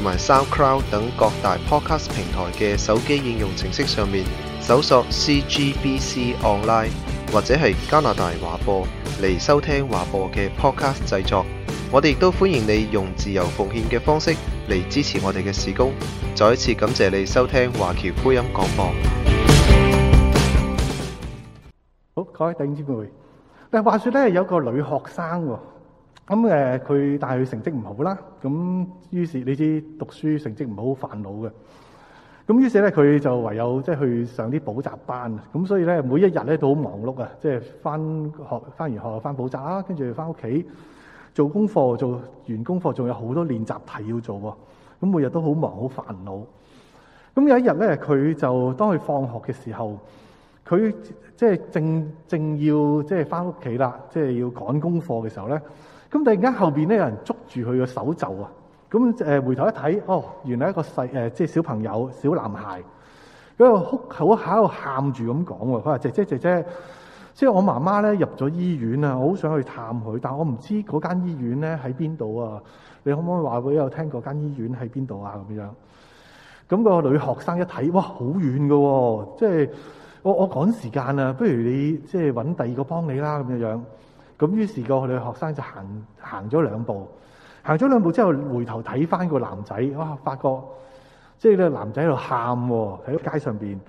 同埋 SoundCloud 等各大 Podcast 平台嘅手機應用程式上面搜索 CGBC Online 或者係加拿大華播嚟收聽華播嘅 Podcast 製作，我哋亦都歡迎你用自由奉獻嘅方式嚟支持我哋嘅事工。再一次感謝你收聽華僑福音廣播。好，各位弟兄姐妹，但係話說咧，有個女學生喎，哦。咁、嗯、誒，佢但係佢成績唔好啦，咁於是你知讀書成績唔好煩惱嘅，咁於是咧佢就唯有即係去上啲補習班，咁所以咧每一日咧都好忙碌啊，即係翻學翻完學翻補習啦，跟住翻屋企做功課，做完功課仲有好多練習題要做喎，咁每日都好忙好煩惱。咁有一日咧，佢就當佢放學嘅時候，佢即係正正要即係翻屋企啦，即係要趕功課嘅時候咧。咁突然間後面咧有人捉住佢個手袖啊！咁誒回頭一睇，哦，原來一個細即係小朋友，小男孩，喺度哭口度喊住咁講喎。佢話：姐姐姐姐，即係我媽媽咧入咗醫院啊！我好想去探佢，但我唔知嗰間醫院咧喺邊度啊！你可唔可以話俾我聽嗰間醫院喺邊度啊？咁樣。咁個女學生一睇，哇，好遠㗎喎。即係我我趕時間啊！不如你即係揾第二個幫你啦，咁樣樣。咁於是個我哋學生就行行咗兩步，行咗兩步之後，回頭睇翻個男仔，哇！發覺即係個男仔喺度喊喎，喺個街上面。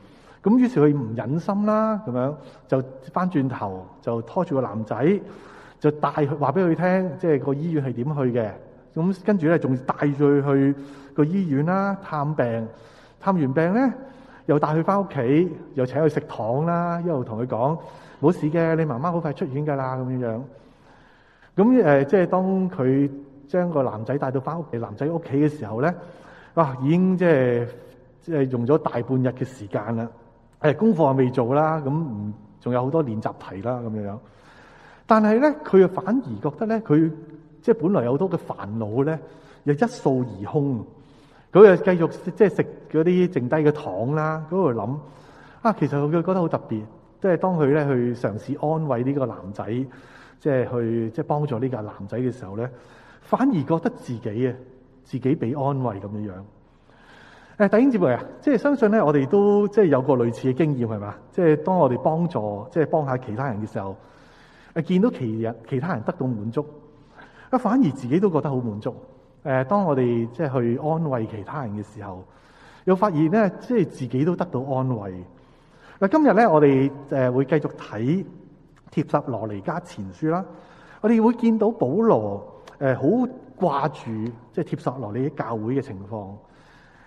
咁於是佢唔忍心啦，咁樣就翻轉頭就拖住個男仔，就帶話俾佢聽，即係個醫院係點去嘅。咁跟住咧，仲帶佢去個醫院啦，探病。探完病咧，又帶佢翻屋企，又請佢食糖啦，一路同佢講。冇事嘅，你媽媽好快出院噶啦，咁樣樣。咁、呃、即係當佢將個男仔帶到翻屋企，男仔屋企嘅時候咧，哇、啊！已經即係即係用咗大半日嘅時間啦。誒、呃，功課啊未做啦，咁唔仲有好多練習題啦，咁樣樣。但係咧，佢又反而覺得咧，佢即係本來有好多嘅煩惱咧，又一掃而空。佢又繼續即係食嗰啲剩低嘅糖啦。佢喺度諗啊，其實佢覺得好特別。即係當佢咧去嘗試安慰呢個男仔，即係去即係幫助呢個男仔嘅時候咧，反而覺得自己啊，自己被安慰咁樣樣。誒，弟兄姊妹啊，即係相信咧，我哋都即係有個類似嘅經驗係嘛？即係當我哋幫助即係幫下其他人嘅時候，誒見到其其他人得到滿足，啊反而自己都覺得好滿足。誒，當我哋即係去安慰其他人嘅時候，又發現咧，即係自己都得到安慰。嗱，今日咧，我哋誒會繼續睇帖撒羅尼加前書啦。我哋會見到保羅誒好掛住，即係帖撒羅尼嘅教會嘅情況。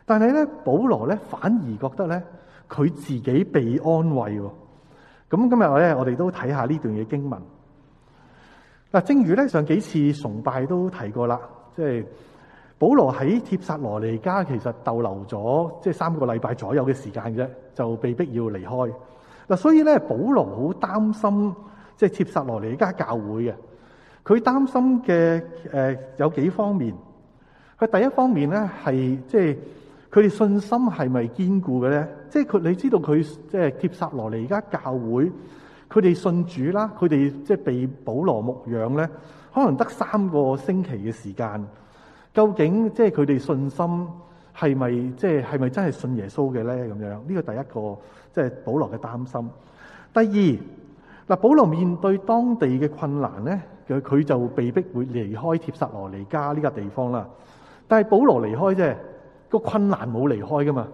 但係咧，保羅咧反而覺得咧，佢自己被安慰喎。咁今日咧，我哋都睇下呢段嘅經文。嗱，正如咧上幾次崇拜都提過啦，即係。保羅喺帖撒羅尼迦其實逗留咗即係三個禮拜左右嘅時間啫，就被逼要離開。嗱，所以咧，保羅好擔心即係帖撒羅尼迦教會嘅。佢擔心嘅誒、呃、有幾方面。佢第一方面咧係即係佢哋信心係咪堅固嘅咧？即係佢你知道佢即係帖撒羅尼迦教會，佢哋信主啦，佢哋即係被保羅牧養咧，可能得三個星期嘅時間。究竟即係佢哋信心係咪即係係咪真係信耶穌嘅咧？咁樣呢個第一個即係、就是、保羅嘅擔心。第二嗱，保羅面對當地嘅困難咧，佢佢就被逼會離開帖撒羅尼加呢個地方啦。但係保羅離開啫，個困難冇離開噶嘛。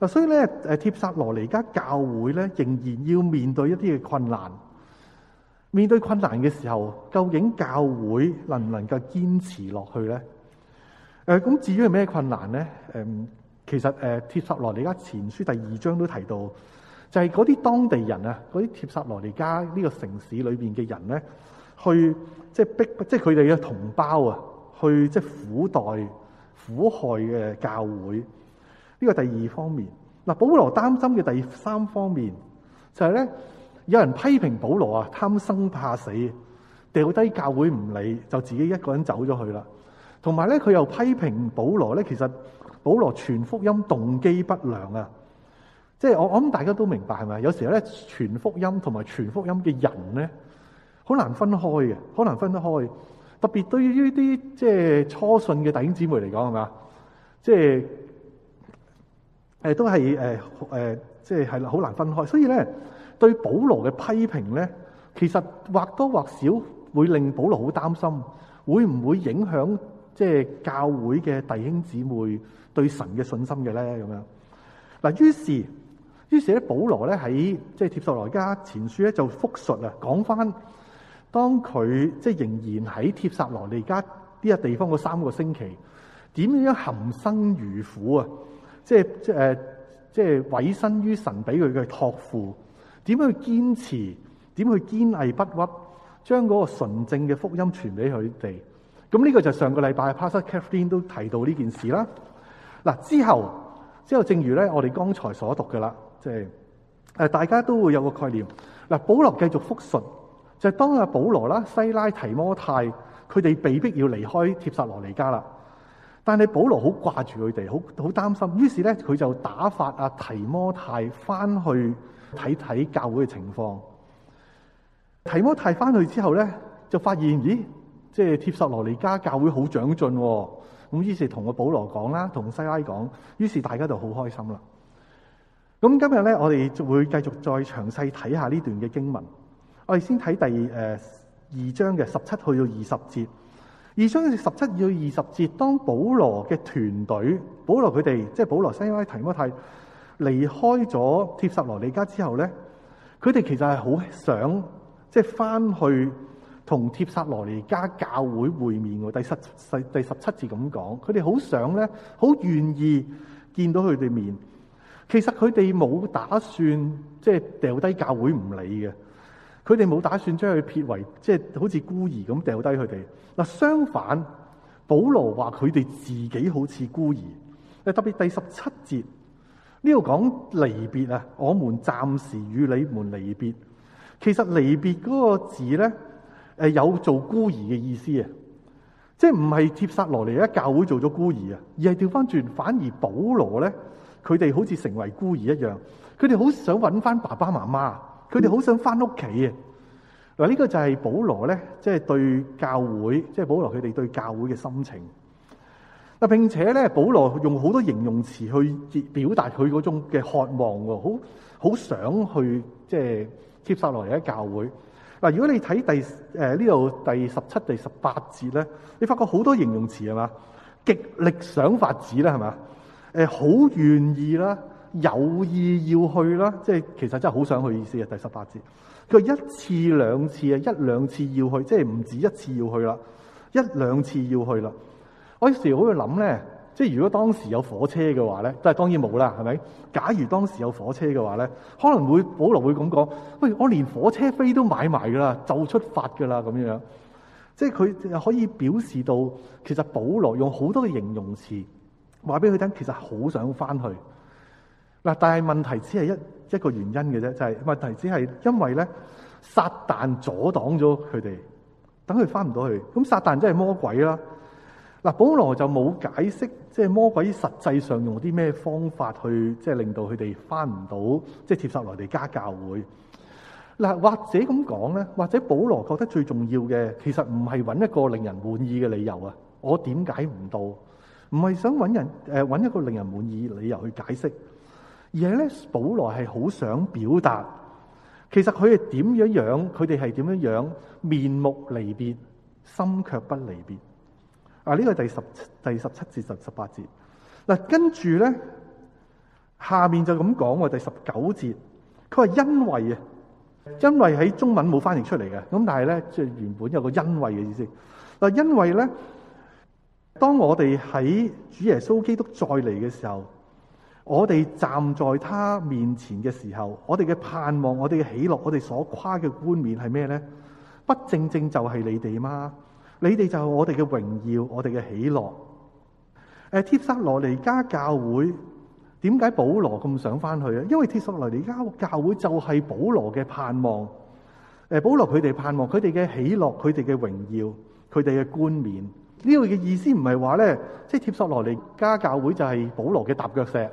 嗱，所以咧誒，帖撒羅尼加教會咧仍然要面對一啲嘅困難。面對困難嘅時候，究竟教會能唔能夠堅持落去咧？咁、嗯、至於係咩困難咧、嗯？其實誒帖撒羅尼加前書第二章都提到，就係嗰啲當地人啊，嗰啲帖撒羅尼加呢個城市裏面嘅人咧，去即係逼，即係佢哋嘅同胞啊，去即係苦待、苦害嘅教會。呢、呢個第二方面。嗱，保羅擔心嘅第三方面就係、係、咧，有人批評保羅啊，貪生怕死，掉低教會唔理，就自己一個人走咗去啦。同埋咧，佢又批評保羅咧，其實保羅傳福音動機不良啊！即係我，我諗大家都明白係咪？有時候咧，傳福音同埋傳福音嘅人咧，好難分開嘅，好難分得開。特別對於呢啲即係初信嘅弟兄姊妹嚟講，係咪啊？即係誒，都係誒誒，即係係好難分開。所以咧，對保羅嘅批評咧，其實或多或少會令保羅好擔心，會唔會影響？即係教會嘅弟兄姊妹對神嘅信心嘅咧，咁樣嗱。於是，於是咧，保羅咧喺即係帖撒羅尼迦前書咧就複述啊，講翻當佢即係仍然喺帖撒羅尼迦呢個地方嗰三個星期，點樣含辛茹苦啊，即係、呃、即係即係委身於神俾佢嘅託付，點樣去堅持，點去堅毅不屈，將嗰個純正嘅福音傳俾佢哋。咁、這、呢個就上個禮拜 Pastor Catherine 都提到呢件事啦。嗱，之後，之後正如咧，我哋剛才所讀㗎啦，即、就、係、是、大家都會有個概念。嗱，保羅繼續復述，就係、是、當阿保羅啦、西拉、提摩太佢哋被逼要離開帖撒羅尼迦啦，但係保羅好掛住佢哋，好好擔心。於是咧，佢就打發阿提摩太翻去睇睇教會嘅情況。提摩太翻去之後咧，就發現咦？即係帖撒羅尼迦教會好長進、哦，咁於是同個保羅講啦，同西拉講，於是大家就好開心啦。咁今日咧，我哋就會繼續再詳細睇下呢段嘅經文。我哋先睇第誒二章嘅十七去到二十節。二章十七至二十節，當保羅嘅團隊，保羅佢哋，即係保羅、西拉、提摩太離開咗帖撒羅尼迦之後咧，佢哋其實係好想即係翻去。同帖撒羅尼迦教會會面喎，第十、第十七節咁講，佢哋好想咧，好願意見到佢哋面。其實佢哋冇打算即係掉低教會唔理嘅，佢哋冇打算將佢撇為即係好似孤兒咁掉低佢哋。嗱，相反，保羅話佢哋自己好似孤兒，特別第十七節呢度講離別啊，我們暫時與你們離別。其實離別嗰個字咧。誒，有做孤兒嘅意思啊，即係唔係帖撒羅尼加教會做咗孤兒啊，而係調翻轉，反而保羅咧，佢哋好似成為孤兒一樣，佢哋好想揾翻爸爸媽媽，佢哋好想翻屋企啊！嗱、嗯，呢個就係保羅咧，即係對教會，即係保羅佢哋對教會嘅心情。嗱，並且咧，保羅用好多形容詞去表達佢嗰種嘅渴望，好好想去即係帖撒羅尼加教會。嗱，如果你睇第誒呢度第十七、第十八節咧，你發覺好多形容詞係嘛？極力想法子啦，係嘛？誒、呃，好願意啦，有意要去啦，即係其實真係好想去意思啊！第十八節，佢話一次兩次啊，一兩次要去，即係唔止一次要去啦，一兩次要去啦。我有時會諗咧。即係如果當時有火車嘅話咧，但係當然冇啦，係咪？假如當時有火車嘅話咧，可能會保羅會咁講：喂，我連火車飛都買埋噶啦，就出發噶啦，咁樣。即係佢可以表示到，其實保羅用好多嘅形容詞，話俾佢聽，其實好想翻去。嗱，但係問題只係一一個原因嘅啫，就係、是、問題只係因為咧撒但阻擋咗佢哋，等佢翻唔到去。咁撒但真係魔鬼啦。嗱，保羅就冇解釋，即係魔鬼實際上用啲咩方法去，即係令到佢哋返唔到，即係接受帖撒羅尼迦教會。嗱，或者咁講咧，或者保羅覺得最重要嘅，其實唔係揾一個令人滿意嘅理由啊，我點解唔到？唔係想揾人誒，揾一個令人滿意嘅理由去解釋，而係咧保羅係好想表達，其實佢係點樣樣，佢哋係點樣樣，面目離別，心卻不離別。啊！呢、這個第十、第十七至十、十八節嗱，跟住咧，下面就咁講。我第十九節，佢話因為啊，因為喺中文冇翻譯出嚟嘅，咁但係咧，即係原本有個因為嘅意思。嗱，因為咧，當我哋喺主耶穌基督再嚟嘅時候，我哋站在他面前嘅時候，我哋嘅盼望、我哋嘅喜樂、我哋所誇嘅冠冕係咩咧？不正正就係你哋嗎？你哋就係我哋嘅榮耀，我哋嘅喜樂。誒，帖撒羅尼迦教會點解保羅咁想翻去啊？因為帖撒羅尼迦教會就係保羅嘅盼望。誒，保羅佢哋盼望，佢哋嘅喜樂，佢哋嘅榮耀，佢哋嘅冠冕。呢個嘅意思唔係話咧，即係帖撒羅尼迦教會就係保羅嘅踏腳石，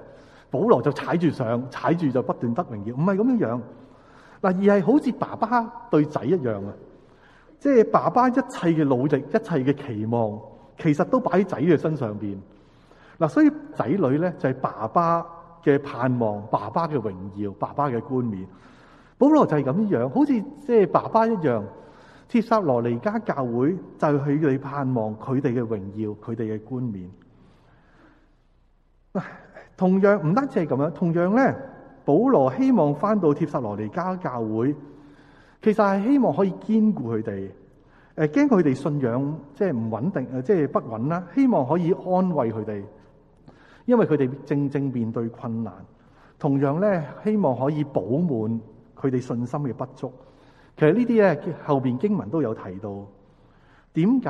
保羅就踩住上，踩住就不斷得榮耀。唔係咁樣樣，嗱，而係好似爸爸對仔一樣啊！即係爸爸一切嘅努力，一切嘅期望，其實都擺喺仔嘅身上邊。嗱，所以仔女咧就係爸爸嘅盼望，爸爸嘅榮耀，爸爸嘅冠冕。保羅就係咁樣，好似即係爸爸一樣。帖撒羅尼迦教會就係佢哋盼望，佢哋嘅榮耀，佢哋嘅冠冕。同樣唔單止係咁樣，同樣咧，保羅希望翻到帖撒羅尼迦教會。其實係希望可以堅固佢哋，誒驚佢哋信仰即係唔穩定，誒即係不穩啦。希望可以安慰佢哋，因為佢哋正正面對困難，同樣咧，希望可以補滿佢哋信心嘅不足。其實這些呢啲咧，後邊經文都有提到，點解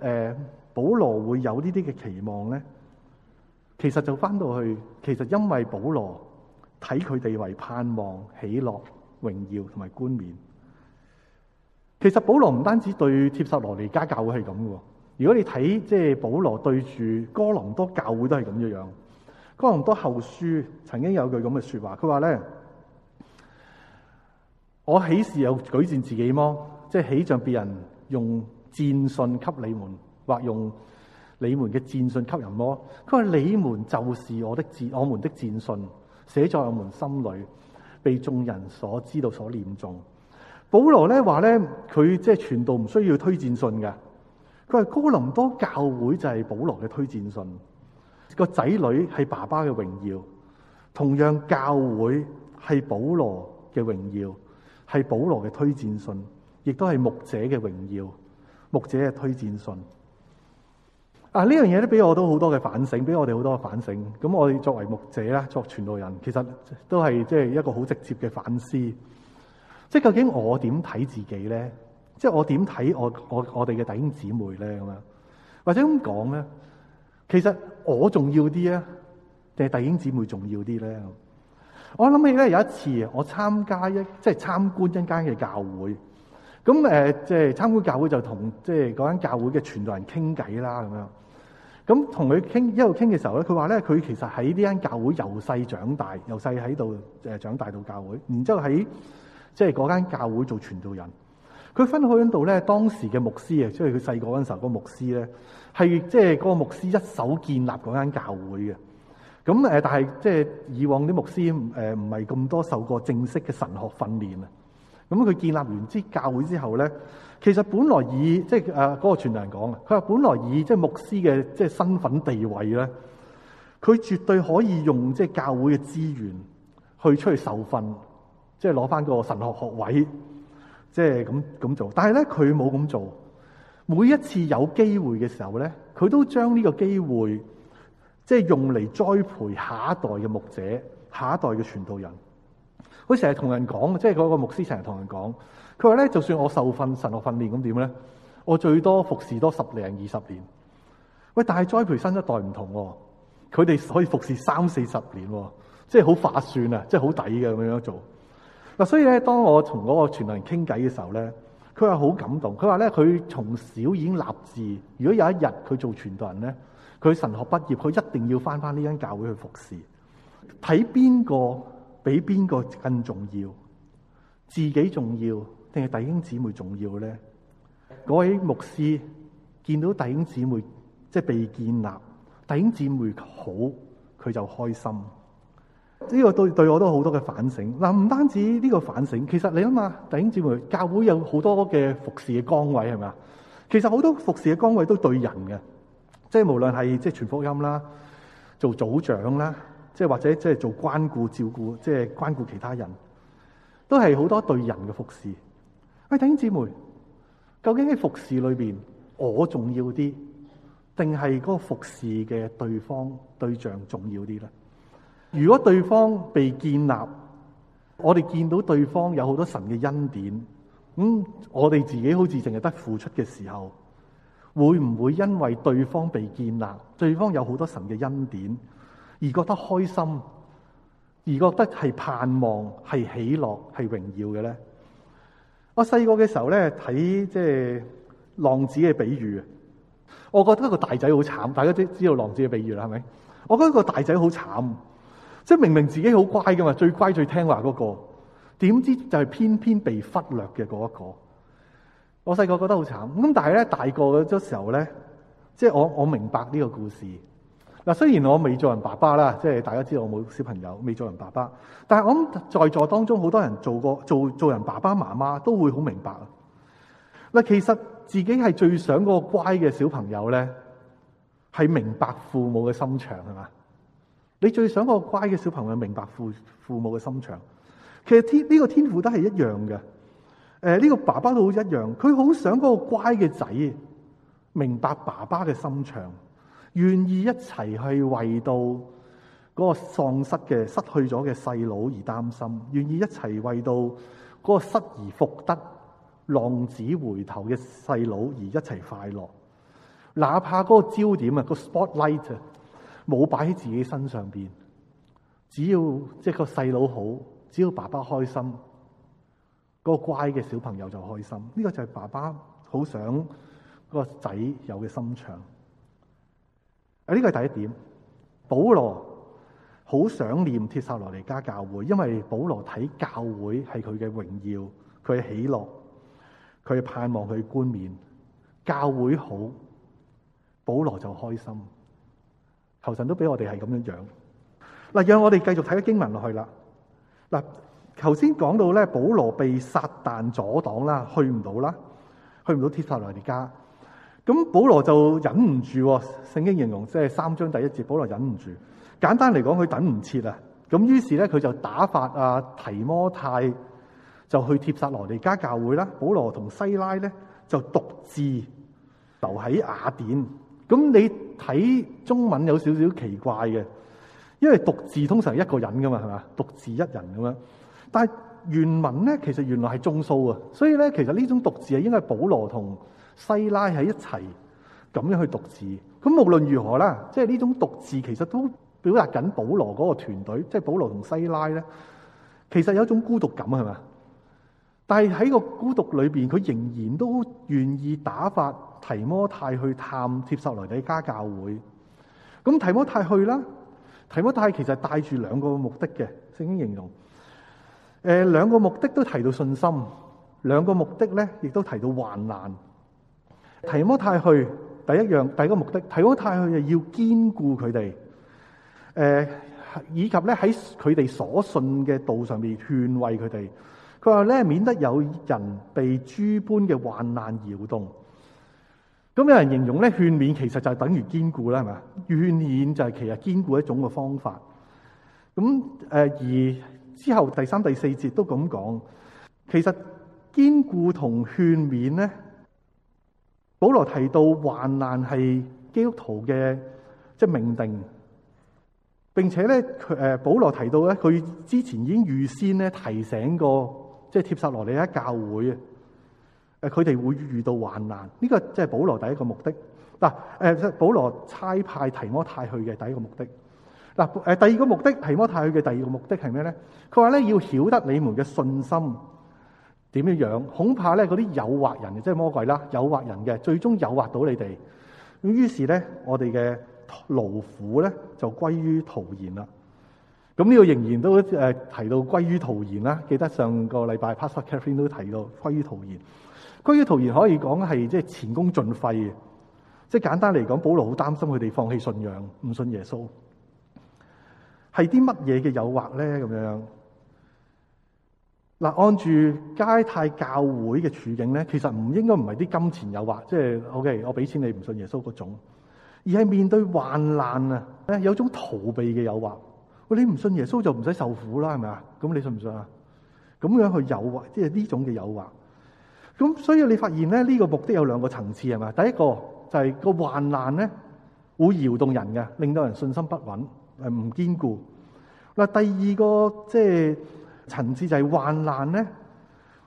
誒保羅會有呢啲嘅期望咧？其實就返到去，其實因為保羅睇佢哋為盼望、喜樂、榮耀同埋冠冕。其實保羅唔單止對帖撒羅尼迦教會係咁噶，如果你睇即係保羅對住哥林多教會都係咁嘅樣。哥林多後書曾經有句咁嘅說話，佢話咧：我豈是又舉薦自己麼？即係豈像別人用薦信給你們或用你們嘅薦信給人麼？佢話你們就是我的薦信，我們的薦信寫在我們心裏，被眾人所知道所念誦保羅咧話咧，佢即係傳道，唔需要推薦信嘅。佢係高林多教會就係保羅嘅推薦信。個仔女係爸爸嘅榮耀，同樣教會係保羅嘅榮耀，係保羅嘅推薦信，亦都係牧者嘅榮耀，牧者嘅推薦信。啊，呢樣嘢都俾我都好多嘅反省，俾我哋好多嘅反省。咁我哋作為牧者啦，作傳道人，其實都係即係一個好直接嘅反思。即係究竟我點睇自己咧？即係我點睇我我我哋嘅弟兄姊妹咧？咁樣或者咁講咧，其實我重要啲啊，定係弟兄姊妹重要啲咧？我諗起咧有一次，我參加一即係參觀一間嘅教會，咁誒即係參觀教會就同即係嗰間教會嘅傳道人傾偈啦，咁樣。咁同佢傾一路傾嘅時候咧，佢話咧佢其實喺呢間教會由細長大，由細喺度誒長大到教會，然之後喺即係嗰間教會做傳道人，佢分到去嗰度咧。當時嘅牧師啊，即係佢細個嗰陣時候，個牧師咧係即係嗰個牧師一手建立嗰間教會嘅。咁誒，但係即係以往啲牧師誒唔係咁多受過正式嘅神學訓練啊。咁佢建立完支教會之後咧，其實本來以即係誒嗰個傳道人講嘅，佢話本來以即係、就是、牧師嘅即係身份地位咧，佢絕對可以用即係、就是、教會嘅資源去出去受訓。即係攞翻個神學學位，即係咁咁做。但係咧，佢冇咁做。每一次有機會嘅時候咧，佢都將呢個機會，即係用嚟栽培下一代嘅牧者，下一代嘅傳道人。佢成日同人講，即係嗰個牧師成日同人講，佢話咧，就算我受訓神學訓練咁點咧，我最多服侍多十零二十年。喂，但係栽培新一代唔同，佢哋可以服侍三四十年，即係好劃算啊！即係好抵嘅咁樣做。嗱，所以咧，當我同嗰個傳道人傾偈嘅時候咧，佢話好感動。佢話咧，佢從小已經立志，如果有一日佢做傳道人咧，佢神學畢業，佢一定要翻翻呢間教會去服侍。睇邊個比邊個更重要？自己重要定係弟兄姊妹重要咧？嗰位牧師見到弟兄姊妹即係被建立，弟兄姊妹好，佢就開心。呢、這個對對我都好多嘅反省嗱。唔、啊、單止呢個反省，其實你諗下，弟兄姊妹，教會有好多嘅服侍嘅崗位係咪啊？其實好多服侍嘅崗位都對人嘅，即係無論係即係傳福音啦，做組長啦，即係或者即係做關顧照顧，即係關顧其他人，都係好多對人嘅服侍。喂、哎，弟兄姊妹，究竟喺服侍裏邊，我重要啲，定係嗰個服侍嘅對方對象重要啲咧？如果對方被建立，我哋見到對方有好多神嘅恩典，咁我哋自己好似淨係得付出嘅時候，會唔會因為對方被建立，對方有好多神嘅恩典而覺得開心，而覺得係盼望、係喜樂、係榮耀嘅咧？我細個嘅時候咧，睇即係浪子嘅比喻，我覺得一個大仔好慘。大家都知道浪子嘅比喻啦，係咪？我覺得一個大仔好慘。即係明明自己好乖噶嘛，最乖最聽話嗰個，點知就係偏偏被忽略嘅嗰一個。我細個覺得好慘，咁但係咧大個嗰時候咧，即係我我明白呢個故事。嗱，雖然我未做人爸爸啦，即係大家知道我冇小朋友，未做人爸爸，但係我諗在座當中好多人做過做做人爸爸媽媽都會好明白。嗱，其實自己係最想個乖嘅小朋友咧，係明白父母嘅心腸，係嘛？你最想個乖嘅小朋友明白父父母嘅心腸，其實天呢個天賦都係一樣嘅。誒、呃，呢個爸爸都好一樣，佢好想個乖嘅仔明白爸爸嘅心腸，願意一齊去為到嗰個喪失嘅、失去咗嘅細佬而擔心，願意一齊為到嗰個失而復得、浪子回頭嘅細佬而一齊快樂。哪怕嗰個焦點啊，個 spotlight 啊。冇擺喺自己身上邊，只要即係個細佬好，只要爸爸開心，個乖嘅小朋友就開心。呢個就係爸爸好想個仔有嘅心腸。啊，呢個係第一點。保羅好想念帖撒羅尼迦教會，因為保羅睇教會係佢嘅榮耀，佢嘅喜樂，佢盼望佢冠冕，教會好，保羅就開心。頭神都俾我哋係咁樣樣。嗱，讓我哋繼續睇下經文落去啦。嗱，頭先講到咧，保羅被撒但阻擋啦，去唔到啦，去唔到帖撒羅尼加。咁保羅就忍唔住，聖經形容即係三章第一節，保羅忍唔住。簡單嚟講，佢等唔切啊。咁於是咧，佢就打發阿提摩太就去帖撒羅尼加教會啦。保羅同西拉咧就獨自留喺雅典。咁你？睇中文有少少奇怪嘅，因為獨自通常係一個人噶嘛，係嘛？獨自一人咁樣，但係原文咧，其實原來係眾數啊，所以咧，其實呢種獨自係應該保羅同西拉喺一齊咁樣去獨自。咁無論如何啦，即係呢種獨自其實都表達緊保羅嗰個團隊，即係保羅同西拉咧，其實有一種孤獨感係嘛？但係喺個孤獨裏邊，佢仍然都願意打發。提摩太去探帖撒羅尼迦教會，咁提摩太去啦。提摩太其實帶住兩個目的嘅聖經形容，誒、呃，兩個目的都提到信心，兩個目的咧亦都提到患難。提摩太去第一樣第一個目的，提摩太去就要堅固佢哋，誒、呃，以及咧喺佢哋所信嘅道上面勸慰佢哋。佢話咧，免得有人被諸般嘅患難搖動。咁有人形容咧勸勉其實就係等於堅固啦，係咪？勸勉就係其實堅固一種嘅方法。咁誒，而之後第三、第四節都咁講，其實堅固同勸勉咧，保羅提到患難係基督徒嘅即係命定，並且咧誒，保羅提到咧佢之前已經預先咧提醒過，即係帖撒羅尼迦教會啊。誒佢哋會遇到患難，呢、這個即係保羅第一個目的。嗱、呃，誒保羅差派提摩太去嘅第一個目的。嗱、呃，誒第二個目的，提摩太去嘅第二個目的係咩咧？佢話咧要曉得你們嘅信心點樣樣，恐怕咧嗰啲誘惑人嘅即係魔鬼啦，誘惑人嘅最終誘惑到你哋。咁於是咧，我哋嘅勞苦咧就歸於徒然啦。咁呢個仍然都誒、呃、提到歸於徒然啦。記得上個禮拜 Pastor Catherine 都提到歸於徒然。歸於徒然可以講係即係前功盡廢嘅，即係簡單嚟講，保羅好擔心佢哋放棄信仰，唔信耶穌。係啲乜嘢嘅誘惑咧？咁樣嗱，按住街泰教會嘅處境咧，其實唔應該唔係啲金錢誘惑，即係 OK，我俾錢你唔信耶穌嗰種，而係面對患難啊，有種逃避嘅誘惑。喂，你唔信耶穌就唔使受苦啦，係咪啊？咁你信唔信啊？咁樣去誘惑，即係呢種嘅誘惑。咁所以你發現咧，呢、這個目的有兩個層次，係咪？第一個就係、是、個患難咧，會搖動人嘅，令到人信心不穩，誒唔堅固。嗱，第二個即係、就是、層次就係患難咧，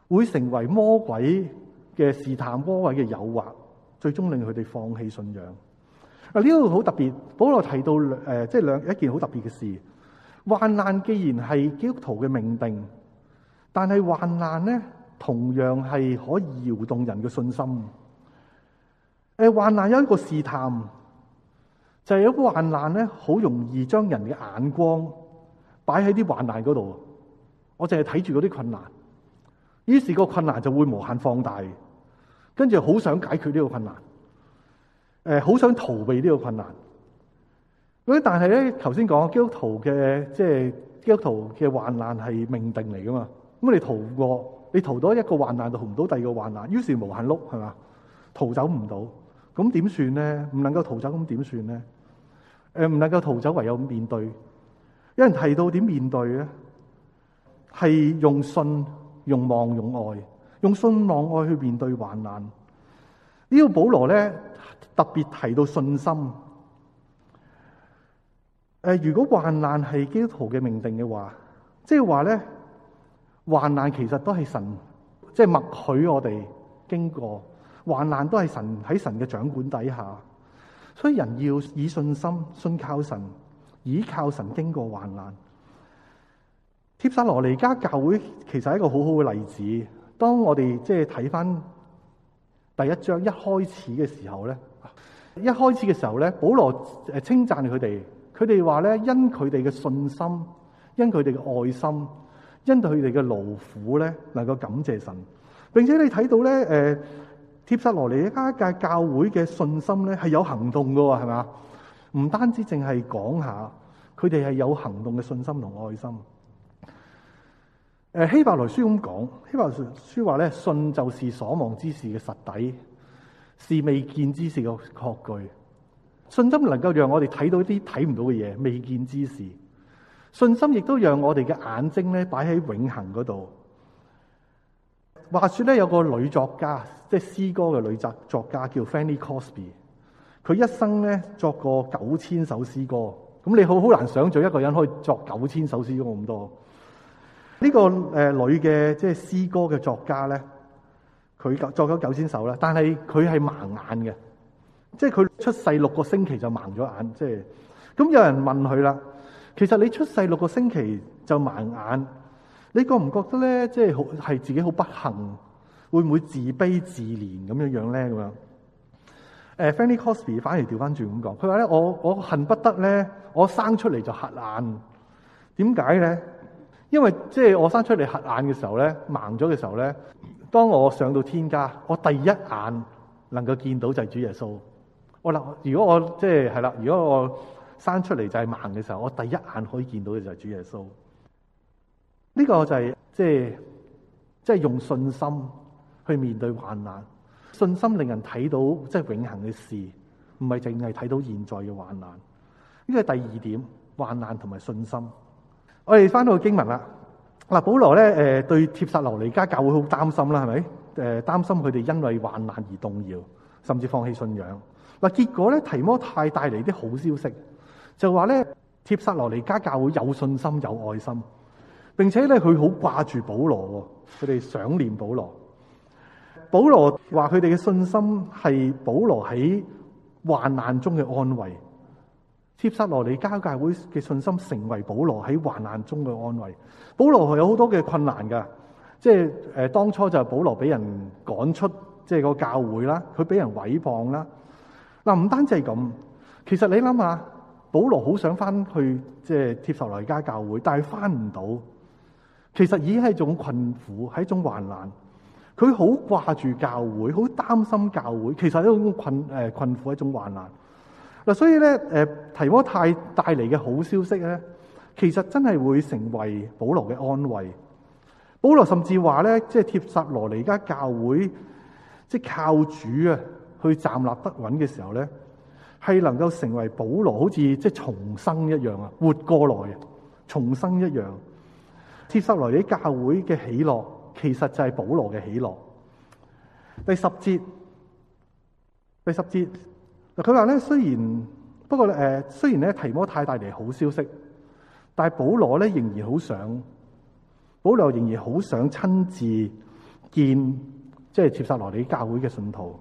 會成為魔鬼嘅試探，魔鬼嘅誘惑，最終令佢哋放棄信仰。嗱，呢個好特別，保羅提到誒，即係兩一件好特別嘅事。患難既然係基督徒嘅命定，但係患難咧？同樣係可以搖動人嘅信心。誒，患難有一個試探，就係喺患難咧，好容易將人嘅眼光擺喺啲患難嗰度。我淨係睇住嗰啲困難，於是個困難就會無限放大，跟住好想解決呢個困難，誒，好想逃避呢個困難。咁但係咧，頭先講基督徒嘅即係基督徒嘅患難係命定嚟㗎嘛？咁我哋逃過。你逃到一個患難，就逃唔到第二個患難，於是無限碌，係嘛？逃走唔到，咁點算咧？唔能夠逃走，咁點算咧？誒、呃，唔能夠逃走，唯有面對。有人提到點面對咧？係用信、用望、用愛，用信望愛去面對患難。呢、這個保羅咧，特別提到信心。誒、呃，如果患難係基督徒嘅命定嘅話，即係話咧。患難其實都係神，即係默許我哋經過患難，都係神喺神嘅掌管底下。所以人要以信心信靠神，倚靠神經過患難。帖撒羅尼迦教會其實係一個好好嘅例子。當我哋即係睇翻第一章一開始嘅時候咧，一開始嘅時候咧，保羅誒稱讚佢哋，佢哋話咧，因佢哋嘅信心，因佢哋嘅愛心。因對佢哋嘅勞苦咧，能夠感謝神，並且你睇到咧，誒，帖撒羅尼迦嘅教會嘅信心咧，係有行動噶，係咪？唔單止淨係講下，佢哋係有行動嘅信心同愛心。誒，希伯來書咁講，希伯來書話咧，信就是所望之事嘅實底，是未見之事嘅確據。信心能夠讓我哋睇到一啲睇唔到嘅嘢，未見之事。信心亦都讓我哋嘅眼睛咧，擺喺永恆嗰度。話說咧，有個女作家，即係詩歌嘅女作家，叫 Fanny Crosby。佢一生咧作過九千首詩歌。咁你好好難想像一個人可以作九千首詩歌咁多。呢、這個、呃、女嘅即係詩歌嘅作家咧，佢作咗九千首啦。但係佢係盲眼嘅，即係佢出世六個星期就盲咗眼。即係咁有人問佢啦。其實你出世六個星期就盲眼，你覺唔覺得咧？即係好係自己好不幸，會唔會自卑自憐咁樣樣咧？咁樣，誒，Fanny Cosby 反而掉返轉咁講，佢話咧：我我恨不得咧，我生出嚟，就黑眼。點解咧？因為即係我生出嚟黑眼嘅時候咧，盲咗嘅時候咧，當我上到天家，我第一眼能夠見到就係主耶穌。我啦，如果我即係係啦，如果我。即生出嚟就係盲嘅時候，我第一眼可以見到嘅就係主耶穌。呢、這個就係即係即係用信心去面對患難，信心令人睇到即係、就是、永恆嘅事，唔係淨係睇到現在嘅患難。呢個係第二點，患難同埋信心。我哋翻到去經文啦，嗱，保羅咧誒對帖撒羅尼迦教會好擔心啦，係咪？誒擔心佢哋因為患難而動搖，甚至放棄信仰。嗱，結果咧提摩太帶嚟啲好消息。就話咧，帖撒羅尼迦教會有信心、有愛心，並且咧佢好掛住保羅，佢哋想念保羅。保羅話佢哋嘅信心係保羅喺患難中嘅安慰，帖撒羅尼迦教會嘅信心成為保羅喺患難中嘅安慰。保羅係有好多嘅困難噶，即係誒、呃、當初就保羅俾人趕出即係個教會啦，佢俾人毀謗啦。嗱、啊、唔單止係咁，其實你諗下。保羅好想翻去即係帖撒羅尼迦教會，但係翻唔到。其實已經係一種困苦，係一種患難。佢好掛住教會，好擔心教會。其實係一種困誒困苦，一種患難。嗱，所以咧誒提摩太帶嚟嘅好消息咧，其實真係會成為保羅嘅安慰。保羅甚至話咧，即係帖撒羅尼迦教會即係靠主啊去站立得穩嘅時候咧，係能夠成為保羅好似即係重生一樣啊，活過來，重生一樣。帖撒羅尼教會嘅喜樂，其實就係保羅嘅喜樂。第十節，第十節，嗱，佢話咧，雖然不過誒、呃，雖然咧提摩太帶嚟好消息，但係保羅咧仍然好想，保羅仍然好想親自見，即係帖撒羅尼教會嘅信徒。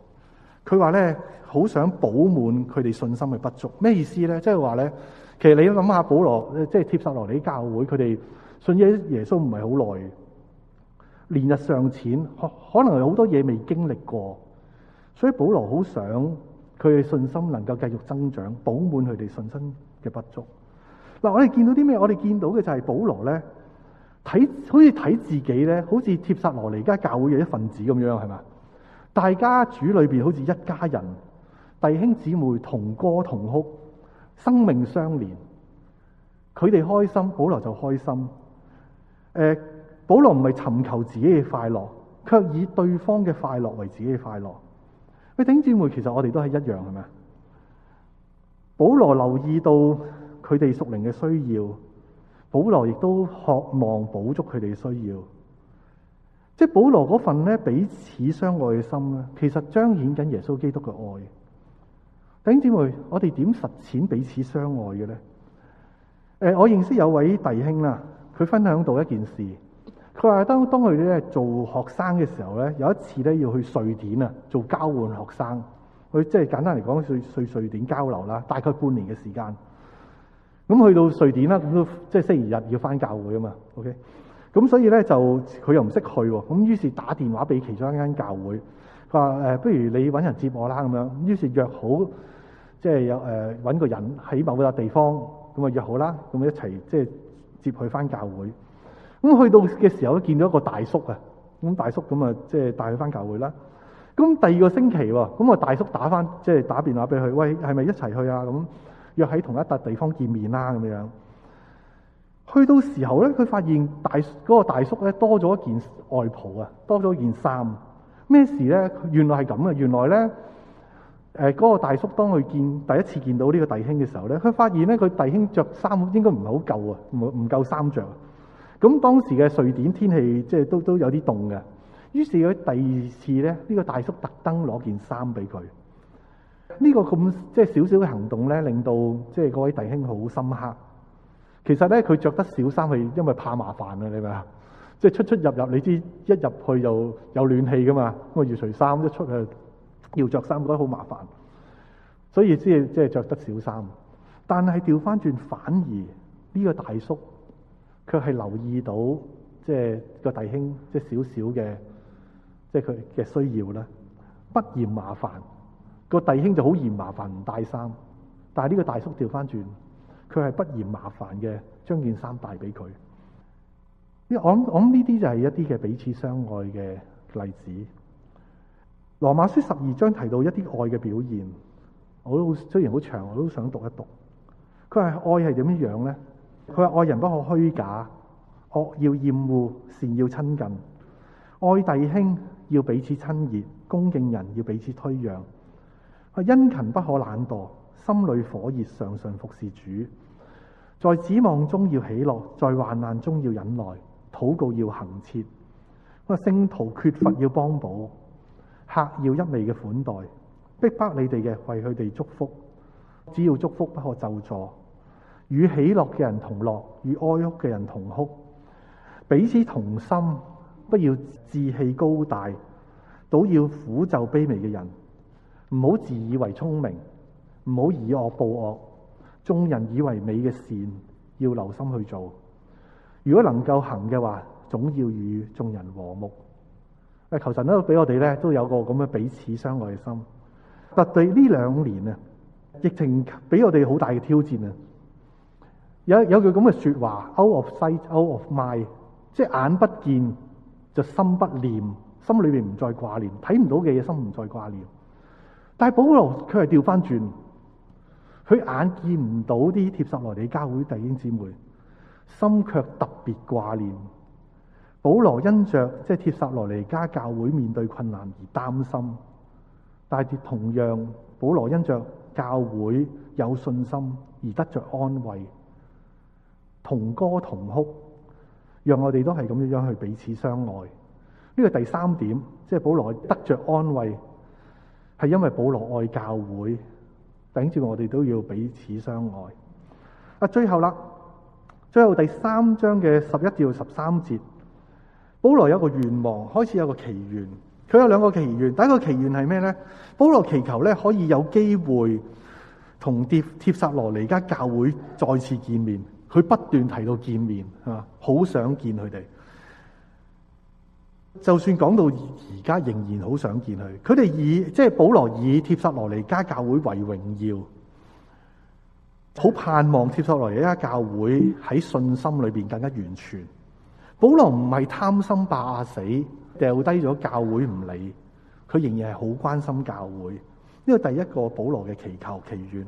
佢話咧，好想補滿佢哋信心嘅不足，咩意思咧？即係話咧，其實你要諗下保羅，即係帖撒羅尼教會，佢哋信耶耶穌唔係好耐，年日尚淺，可能有好多嘢未經歷過，所以保羅好想佢嘅信心能夠繼續增長，補滿佢哋信心嘅不足。嗱，我哋見到啲咩？我哋見到嘅就係保羅咧，睇好似睇自己咧，好似帖撒羅尼迦教會嘅一份子咁樣，係嘛？大家主裏邊好似一家人，弟兄姊妹同歌同哭，生命相連。佢哋開心，保羅就開心。誒、呃，保羅唔係尋求自己嘅快樂，卻以對方嘅快樂為自己嘅快樂。喂，弟兄姊妹，其實我哋都係一樣，係咪？保羅留意到佢哋屬靈嘅需要，保羅亦都渴望補足佢哋嘅需要。即係保羅嗰份咧彼此相愛嘅心咧，其實彰顯緊耶穌基督嘅愛。弟兄姊妹，我哋點實踐彼此相愛嘅咧？誒、呃，我認識有位弟兄啦，佢分享到一件事，佢話當當佢哋做學生嘅時候咧，有一次咧要去瑞典啊做交換學生，佢即係簡單嚟講，去瑞瑞典交流啦，大概半年嘅時間。咁去到瑞典啦，咁都即係星期日要返教會啊嘛，OK。咁所以咧就佢又唔識去喎，咁於是打電話俾其中一間教會，佢話誒不如你搵人接我啦咁樣，於是約好即係有誒搵個人喺某笪地方，咁啊約好啦，咁啊一齊即係接佢返教會。咁去到嘅時候都見到一個大叔啊，咁大叔咁啊即係帶佢返教會啦。咁第二個星期喎，咁啊大叔打返即係打電話俾佢，喂係咪一齊去啊？咁約喺同一笪地方見面啦，啊，咁樣。去到時候咧，佢發現大嗰、那個大叔咧多咗一件外袍啊，多咗件衫。咩事咧？原來係咁啊。原來咧，誒、那、嗰個大叔當佢見第一次見到呢個弟兄嘅時候咧，佢發現咧佢弟兄着衫應該唔係好夠啊，唔唔夠衫着啊。咁當時嘅瑞典天氣即係都都有啲凍嘅，於是佢第二次咧，呢、這個大叔特登攞件衫俾佢。呢、這個咁即係少少嘅行動咧，令到即係嗰位弟兄好深刻。其實咧，佢着得小衫係因為怕麻煩啊！你咪，即係出出入入，你知一入去又有暖氣噶嘛？我要除衫，一出去要着衫，覺得好麻煩，所以先即係着得小衫。但係調翻轉，反而呢個大叔，佢係留意到即係個弟兄即係少少嘅，即係佢嘅需要咧，不嫌麻煩。個弟兄就好嫌麻煩，唔帶衫。但係呢個大叔調翻轉。佢係不嫌麻煩嘅，將件衫帶俾佢。我我諗呢啲就係一啲嘅彼此相愛嘅例子。羅馬書十二章提到一啲愛嘅表現，我都雖然好長，我都想讀一讀。佢係愛係點樣樣咧？佢話愛人不可虛假，惡要厭惡，善要親近。愛弟兄要彼此親熱，恭敬人要彼此推讓。佢殷勤不可懶惰。心裏火熱，常常服侍主，在指望中要喜樂，在患難中要忍耐，禱告要恆切。咁啊，聖徒缺乏要幫補，客要一味嘅款待，逼迫你哋嘅為佢哋祝福。只要祝福不可咒詛，與喜樂嘅人同樂，與哀哭嘅人同哭，彼此同心，不要志氣高大，倒要俯就卑微嘅人，唔好自以為聰明。唔好以惡報惡，眾人以為美嘅善，要留心去做。如果能夠行嘅話，總要與眾人和睦。誒，求神都俾我哋咧都有一個咁嘅彼此相愛嘅心。但對呢兩年啊，疫情俾我哋好大嘅挑戰啊。有有句咁嘅說話，Out of sight, out of mind，即係眼不見就心不念，心裏邊唔再掛念，睇唔到嘅嘢心唔再掛念。但係保羅佢係調翻轉。佢眼見唔到啲帖撒羅尼教會的弟兄姊妹，心卻特別掛念。保羅因着即係帖撒羅尼加教會面對困難而擔心，但係同樣保羅因着教會有信心而得着安慰，同歌同哭，讓我哋都係咁樣樣去彼此相愛。呢、這個第三點，即、就、係、是、保羅得着安慰，係因為保羅愛教會。頂住我哋都要彼此相愛。啊，最後啦，最後第三章嘅十一至十三節，保羅有一個願望，開始有個祈願，佢有兩個祈願。第一個祈願係咩咧？保羅祈求咧可以有機會同帖帖撒羅尼加教會再次見面。佢不斷提到見面，啊，好想見佢哋。就算講到而家，仍然好想見佢。佢哋以，即係、就是、保羅以帖撒羅尼迦教會為榮耀，好盼望帖撒羅尼迦教會喺信心裏邊更加完全。保羅唔係貪生怕、啊、死，掉低咗教會唔理，佢仍然係好關心教會。呢個第一個保羅嘅祈求祈願，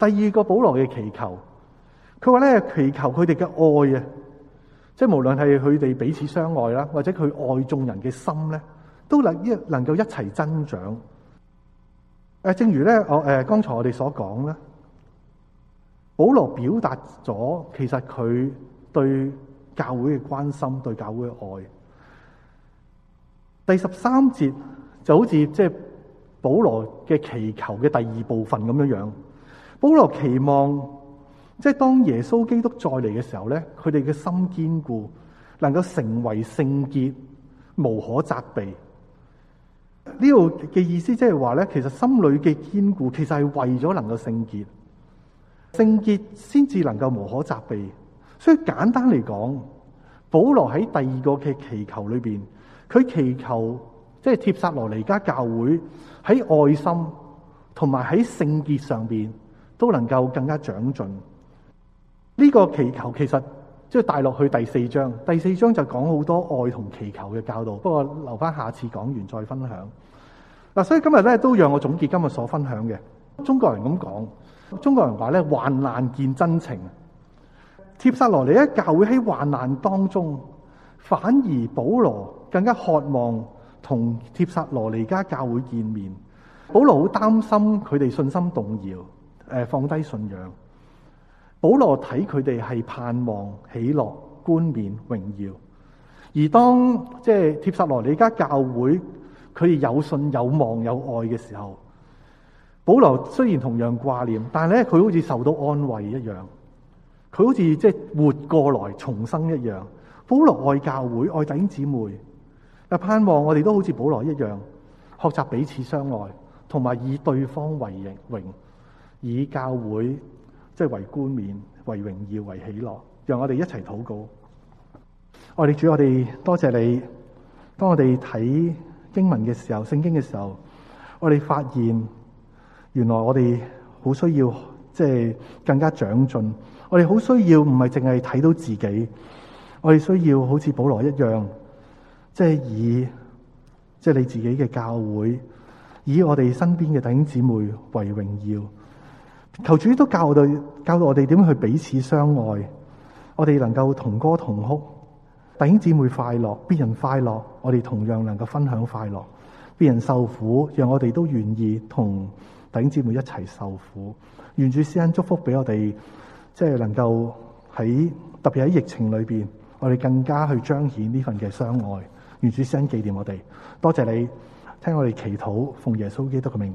第二個保羅嘅祈求，佢話咧祈求佢哋嘅愛啊。即係無論係佢哋彼此相愛啦，或者佢愛眾人嘅心咧，都能一能夠一齊增長。誒，正如咧，我誒剛才我哋所講咧，保羅表達咗其實佢對教會嘅關心，對教會嘅愛。第十三節就好似即係保羅嘅祈求嘅第二部分咁樣樣，保羅期望。即係當耶穌基督再嚟嘅時候咧，佢哋嘅心堅固，能夠成為聖潔，無可責備。呢度嘅意思即係話咧，其實心裏嘅堅固，其實係為咗能夠聖潔，聖潔先至能夠無可責備。所以簡單嚟講，保羅喺第二個嘅祈求裏邊，佢祈求即係帖撒羅尼迦教會喺愛心同埋喺聖潔上邊都能夠更加長進。呢個祈求其實即係帶落去第四章，第四章就講好多愛同祈求嘅教導。不過留翻下次講完再分享。嗱，所以今日咧都讓我總結今日所分享嘅。中國人咁講，中國人話咧，患難見真情。帖撒羅尼迦教會喺患難當中，反而保羅更加渴望同帖撒羅尼迦教會見面。保羅好擔心佢哋信心動搖，誒放低信仰。保羅睇佢哋係盼望、喜樂、冠冕榮耀，而當即係帖撒羅尼迦教會佢哋有信有望有愛嘅時候，保羅雖然同樣掛念，但係咧佢好似受到安慰一樣，佢好似即係活過來重生一樣。保羅愛教會愛弟兄姊妹，啊盼望我哋都好似保羅一樣，學習彼此相愛，同埋以對方為榮，以教會。即係為冠冕、為榮耀、為喜樂，讓我哋一齊禱告。我哋主，我哋多謝你。當我哋睇經文嘅時候、聖經嘅時候，我哋發現原來我哋好需要，即係更加長進。我哋好需要，唔係淨係睇到自己。我哋需要好似保羅一樣，即係以即係你自己嘅教會，以我哋身邊嘅弟兄姊妹為榮耀。求主都教我哋，教我哋點去彼此相愛，我哋能夠同歌同哭，弟兄姊妹快樂，別人快樂，我哋同樣能夠分享快樂，別人受苦，讓我哋都願意同弟兄姊妹一齊受苦。願主施恩祝福俾我哋，即係能夠喺特別喺疫情裏邊，我哋更加去彰顯呢份嘅相愛。願主施紀念我哋，多謝你聽我哋祈禱，奉耶穌基督嘅名。